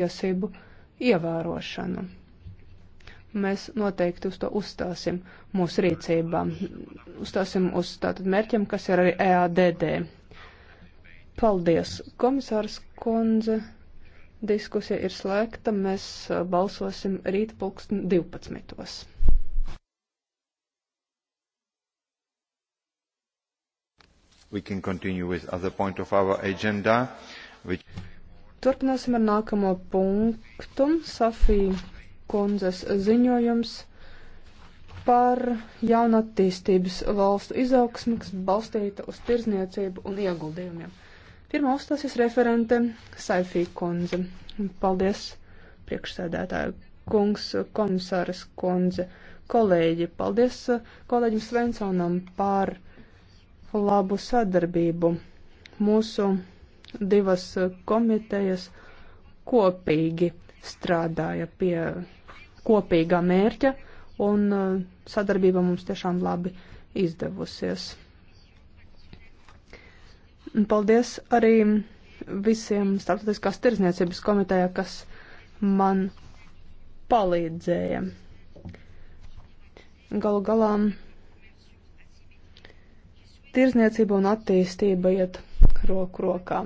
tiesību ievērošanu. Mēs noteikti uz to uzstāsim mūsu rīcībā. Uzstāsim uz tātad mērķiem, kas ir arī EADD. Paldies, komisārs Konze. Diskusija ir slēgta. Mēs uh, balsosim rīt pulksten 12. We can continue with other point of our agenda, which... Turpināsim ar nākamo punktu. Safija kundzes ziņojums par jaunatīstības valstu izaugsmu, kas balstīta uz tirzniecību un ieguldījumiem. Pirmā uzstāsies referente Saifija kundze. Paldies, priekšsēdētāju kungs, komisāras kundze, kolēģi. Paldies kolēģim Svensonam par labu sadarbību mūsu divas komitejas kopīgi strādāja pie kopīgā mērķa, un uh, sadarbība mums tiešām labi izdevusies. Paldies arī visiem Startautiskās tirzniecības komitejā, kas man palīdzēja. Galu galā tirzniecība un attīstība iet roku rokā.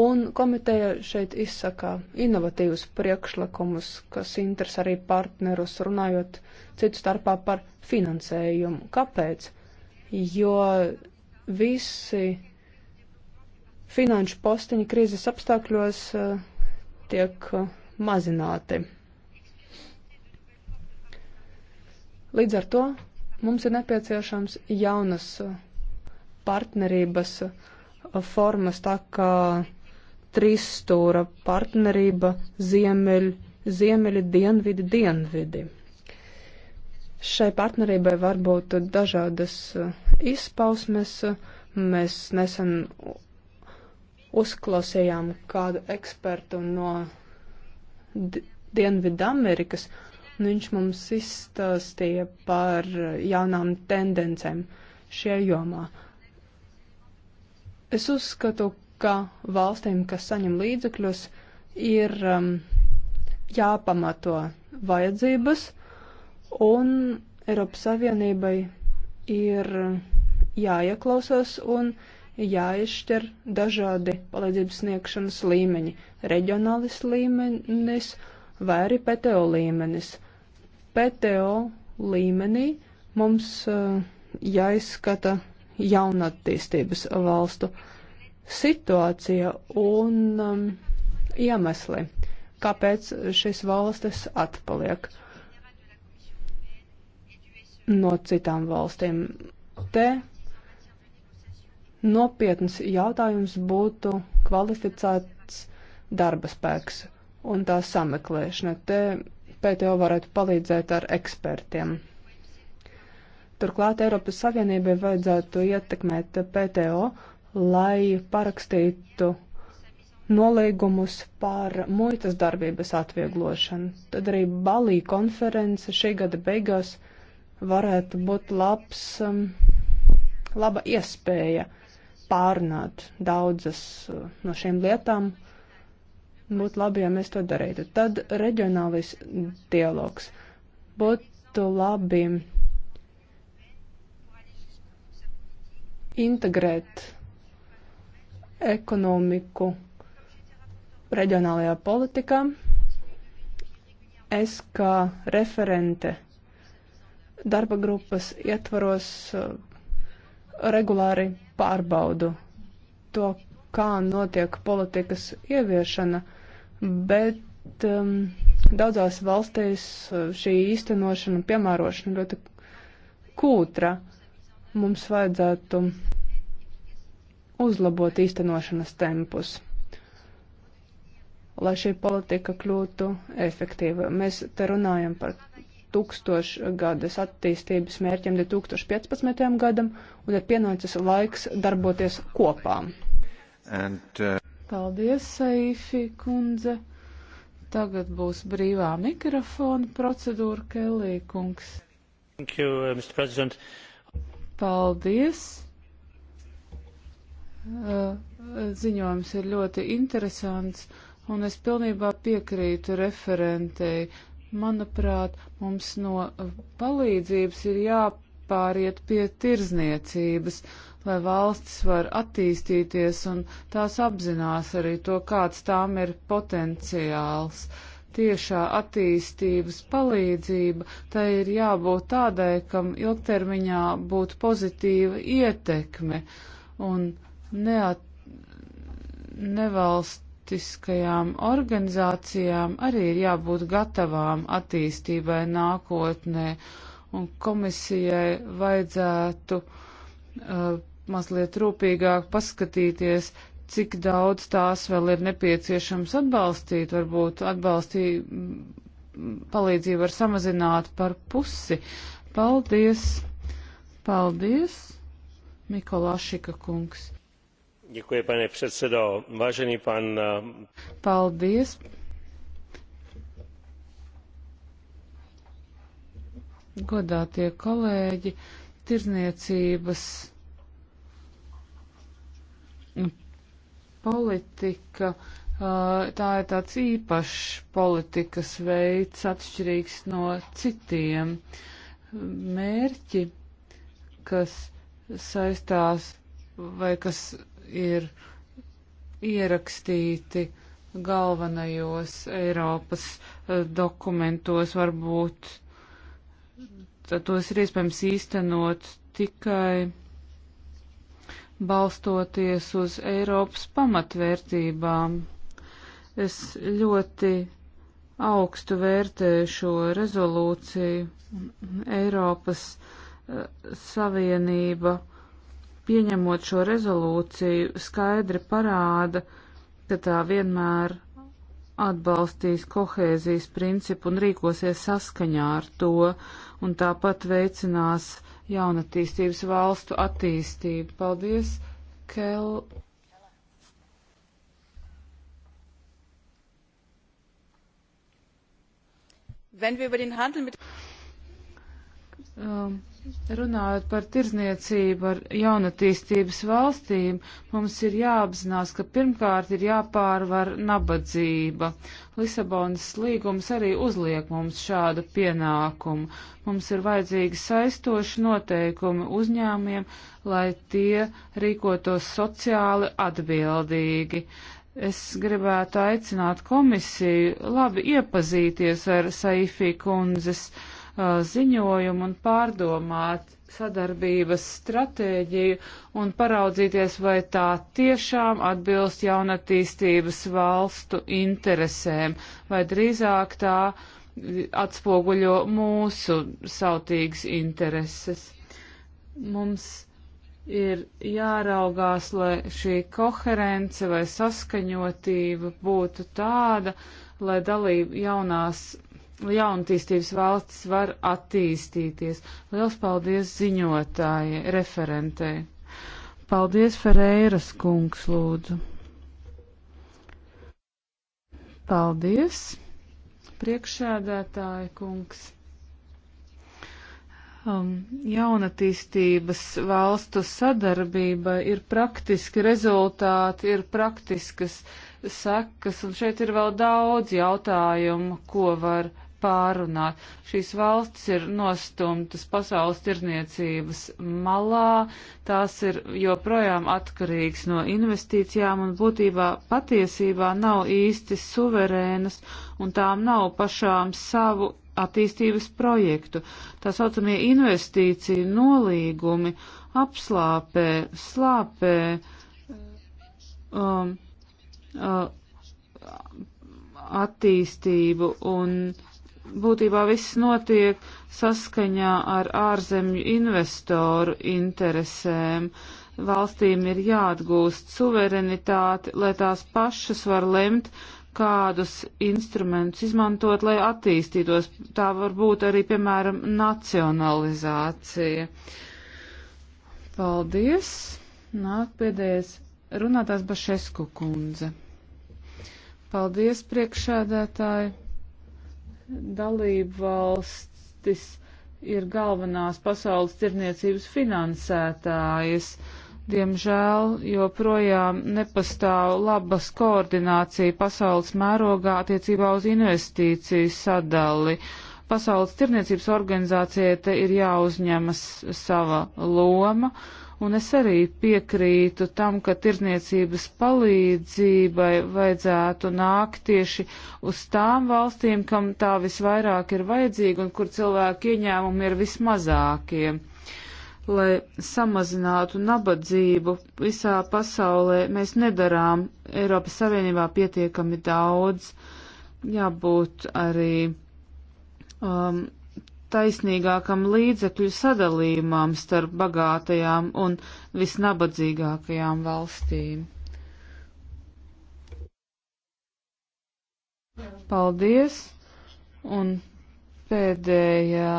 Un komiteja šeit izsaka inovatīvus priekšlikumus, kas interes arī partnerus, runājot citu starpā par finansējumu. Kāpēc? Jo visi finanšu postiņi krīzes apstākļos eh, tiek eh, mazināti. Līdz ar to mums ir nepieciešams jaunas eh, partnerības formas, tā kā trīsstūra partnerība ziemeļ, ziemeļi, dienvidi, dienvidi. Šai partnerībai var būt dažādas eh, izpausmes. Mēs nesen uzklausījām kādu ekspertu no Dienvidu Amerikas, un viņš mums izstāstīja par jaunām tendencēm šajā jomā. Es uzskatu, ka valstīm, kas saņem līdzekļus, ir um, jāpamato vajadzības, un Eiropas Savienībai ir jāieklausās un jāizšķir dažādi palīdzības sniegšanas līmeņi - reģionālis līmenis vai arī PTO līmenis. PTO līmenī mums uh, jāizskata jaunattīstības valstu uh, situācija un um, iemesli, kāpēc šīs valstis atpaliek no citām valstīm. Te nopietns jautājums būtu kvalificēts darba spēks un tā sameklēšana. Te pētējo varētu palīdzēt ar ekspertiem. Turklāt Eiropas Savienībai vajadzētu ietekmēt PTO lai parakstītu nolīgumus par muitas darbības atvieglošanu. Tad arī Balī konference šī gada beigās varētu būt labs, um, laba iespēja pārnāt daudzas uh, no šīm lietām. Būtu labi, ja mēs to darītu. Tad reģionālis dialogs. Būtu labi integrēt ekonomiku reģionālajā politikā. Es kā referente darba grupas ietvaros uh, regulāri pārbaudu to, kā notiek politikas ieviešana, bet um, daudzās valstīs uh, šī īstenošana, piemērošana ļoti kūtra. Mums vajadzētu uzlabot īstenošanas tempus, lai šī politika kļūtu efektīva. Mēs te runājam par tūkstošgadas attīstības mērķiem 2015. gadam, un ir pienācis laiks darboties kopā. And, uh... Paldies, Saifi kundze. Tagad būs brīvā mikrofona procedūra Kelī kungs. Thank you, uh, Mr. President. Paldies. Uh, ziņojums ir ļoti interesants, un es pilnībā piekrītu referentei. Manuprāt, mums no palīdzības ir jāpāriet pie tirzniecības, lai valstis var attīstīties, un tās apzinās arī to, kāds tām ir potenciāls. Tiešā attīstības palīdzība, tai ir jābūt tādai, kam ilgtermiņā būtu pozitīva ietekme, un neat, nevalstiskajām organizācijām arī ir jābūt gatavām attīstībai nākotnē, un komisijai vajadzētu uh, mazliet rūpīgāk paskatīties, cik daudz tās vēl ir nepieciešams atbalstīt, varbūt atbalstīt palīdzību var samazināt par pusi. Paldies! Paldies, Mikolāšika kungs! Eh, Paldies. Godātie kolēģi, tirzniecības politika, eh, tā ir tāds īpašs politikas veids, atšķirīgs no citiem. Mērķi, kas saistās vai kas ir ierakstīti galvenajos Eiropas eh, dokumentos, varbūt tos ir iespējams īstenot tikai balstoties uz Eiropas pamatvērtībām. Es ļoti augstu vērtēju šo rezolūciju. Eiropas uh, Savienība pieņemot šo rezolūciju, skaidri parāda, ka tā vienmēr atbalstīs kohēzijas principu un rīkosies saskaņā ar to, un tāpat veicinās jaunatīstības valstu attīstību. Paldies, Kel! Wenn wir über den Handel mit um, Runājot par tirzniecību ar jaunatīstības valstīm, mums ir jāapzinās, ka pirmkārt ir jāpārvar nabadzība. Lisabonas līgums arī uzliek mums šādu pienākumu. Mums ir vajadzīgi saistoši noteikumi uzņēmiem, lai tie rīkotos sociāli atbildīgi. Es gribētu aicināt komisiju labi iepazīties ar Saifī kundzes Uh, ziņojumu un pārdomāt sadarbības stratēģiju un paraudzīties, vai tā tiešām atbilst jaunatīstības valstu interesēm, vai drīzāk tā atspoguļo mūsu sautīgas intereses. Mums ir jāraugās, lai šī koherence vai saskaņotība būtu tāda, lai dalība jaunās jaunatīstības valstis var attīstīties. Liels paldies ziņotāji, referentei. Paldies, Ferreiras kungs, lūdzu. Paldies, priekšēdētāja kungs. Um, jaunatīstības valstu sadarbība ir praktiski rezultāti, ir praktiskas sekas, un šeit ir vēl daudz jautājumu, ko var pārunāt. Šīs valstis ir nostumtas pasaules tirniecības malā, tās ir joprojām atkarīgas no investīcijām un būtībā patiesībā nav īsti suverēnas un tām nav pašām savu attīstības projektu. Tā saucamie investīcija nolīgumi apslāpē, slāpē. Um, uh, attīstību un būtībā viss notiek saskaņā ar ārzemju investoru interesēm. Valstīm ir jāatgūst suverenitāti, lai tās pašas var lemt, kādus instrumentus izmantot, lai attīstītos. Tā var būt arī, piemēram, nacionalizācija. Paldies! Nāk pēdējais runātās Bašesku kundze. Paldies, priekšēdētāji! dalību valstis ir galvenās pasaules tirniecības finansētājas. Diemžēl joprojām nepastāv labas koordinācija pasaules mērogā attiecībā uz investīciju sadali. Pasaules tirniecības organizācijai te ir jāuzņemas sava loma. Uh, Un es arī piekrītu tam, ka tirzniecības palīdzībai vajadzētu nākt tieši uz tām valstīm, kam tā visvairāk ir vajadzīga un kur cilvēku ieņēmumi ir vismazākie. Lai samazinātu nabadzību visā pasaulē, mēs nedarām Eiropas Savienībā pietiekami daudz. Jābūt arī um, taisnīgākam līdzekļu sadalījumam starp bagātajām un visnabadzīgākajām valstīm. Paldies! Un pēdējā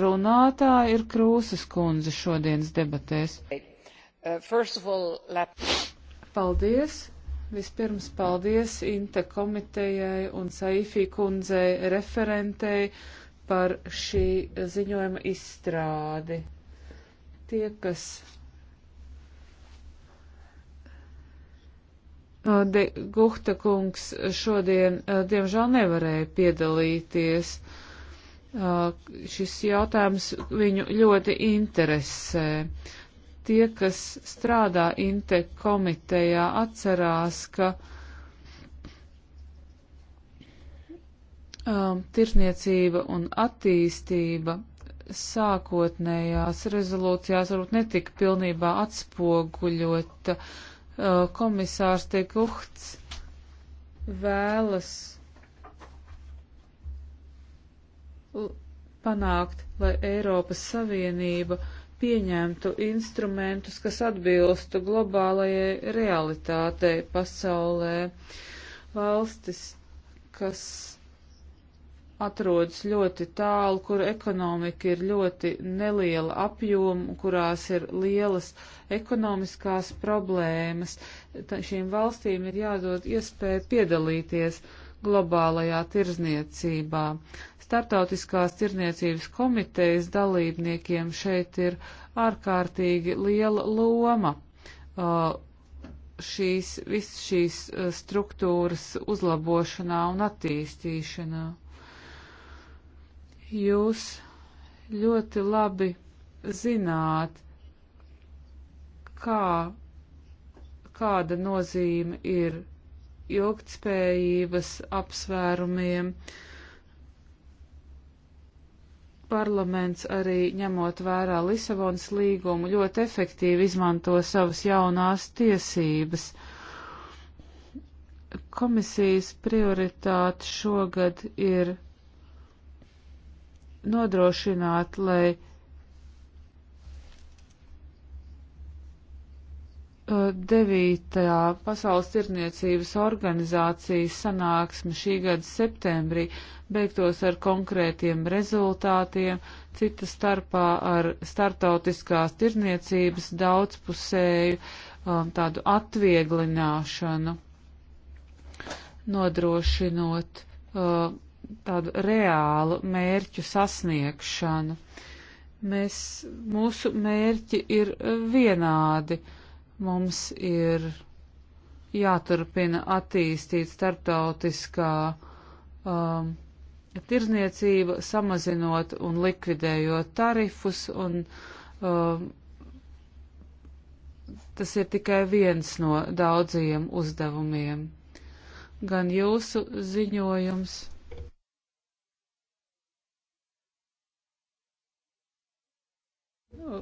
runātā ir Krūzes kundze šodienas debatēs. All, paldies! Vispirms paldies Inte komitejai un Saifī kundzei referentei par šī ziņojuma izstrādi. Tie, kas De Guhta kungs šodien, eh, diemžēl, nevarēja piedalīties. Eh, šis jautājums viņu ļoti interesē. Tie, kas strādā Inte komitejā, atcerās, ka uh, um, tirsniecība un attīstība sākotnējās rezolūcijās varbūt netika pilnībā atspoguļota. Uh, komisārs tiek uhts vēlas panākt, lai Eiropas Savienība pieņemtu instrumentus, kas atbilstu globālajai realitātei pasaulē. Valstis, kas atrodas ļoti tālu, kur ekonomika ir ļoti neliela apjoma, kurās ir lielas ekonomiskās problēmas. Tā šīm valstīm ir jādod iespēja piedalīties globālajā tirzniecībā. Startautiskās tirzniecības komitejas dalībniekiem šeit ir ārkārtīgi liela loma. Uh, šīs, viss šīs uh, struktūras uzlabošanā un attīstīšanā. Jūs ļoti labi zināt, kā, kāda nozīme ir ilgtspējības apsvērumiem. Parlaments arī ņemot vērā Lisabonas līgumu ļoti efektīvi izmanto savas jaunās tiesības. Komisijas prioritāte šogad ir nodrošināt, lai uh, devītajā pasaules tirniecības organizācijas sanāksme šī gada septembrī beigtos ar konkrētiem rezultātiem, cita starpā ar startautiskās tirniecības daudzpusēju um, tādu atvieglināšanu, nodrošinot uh, tādu reālu mērķu sasniegšanu. Mēs, mūsu mērķi ir vienādi. Mums ir jāturpina attīstīt starptautiskā um, tirzniecība, samazinot un likvidējot tarifus, un um, tas ir tikai viens no daudziem uzdevumiem. Gan jūsu ziņojums Nu,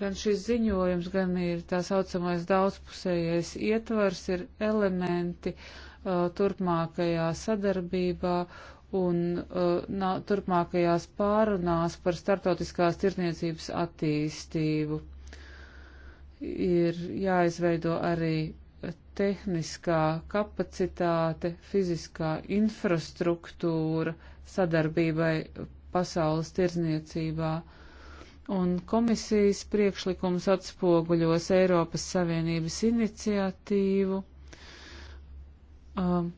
gan šis ziņojums, gan ir tā saucamais daudzpusējais ietvars, ir elementi uh, turpmākajā sadarbībā un uh, nā, turpmākajās pārunās par startautiskās tirniecības attīstību. Ir jāizveido arī tehniskā kapacitāte, fiziskā infrastruktūra sadarbībai pasaules tirzniecībā. Uh, un komisijas priekšlikums atspoguļos Eiropas Savienības iniciatīvu. Um,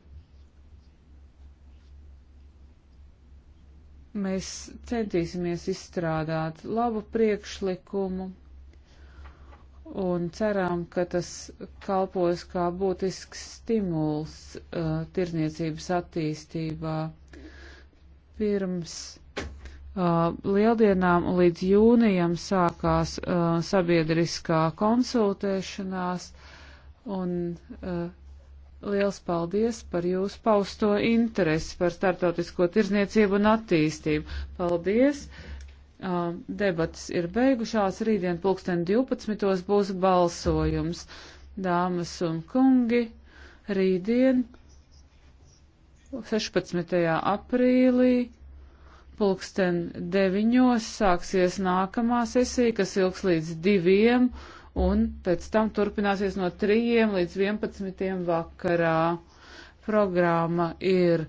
mēs centīsimies izstrādāt labu priekšlikumu un ceram, ka tas kalpos kā būtisks stimuls uh, tirniecības attīstībā. Pirms Uh, lieldienām līdz jūnijam sākās uh, sabiedriskā konsultēšanās, un uh, liels paldies par jūsu pausto interesi par startautisko tirzniecību un attīstību. Paldies! Uh, debatas ir beigušās, rītdien pulksten 12. būs balsojums. Dāmas un kungi, rītdien 16. aprīlī Pulksten deviņos sāksies nākamā sesija, kas ilgs līdz diviem, un pēc tam turpināsies no trījiem līdz vienpadsmitiem vakarā. Programma ir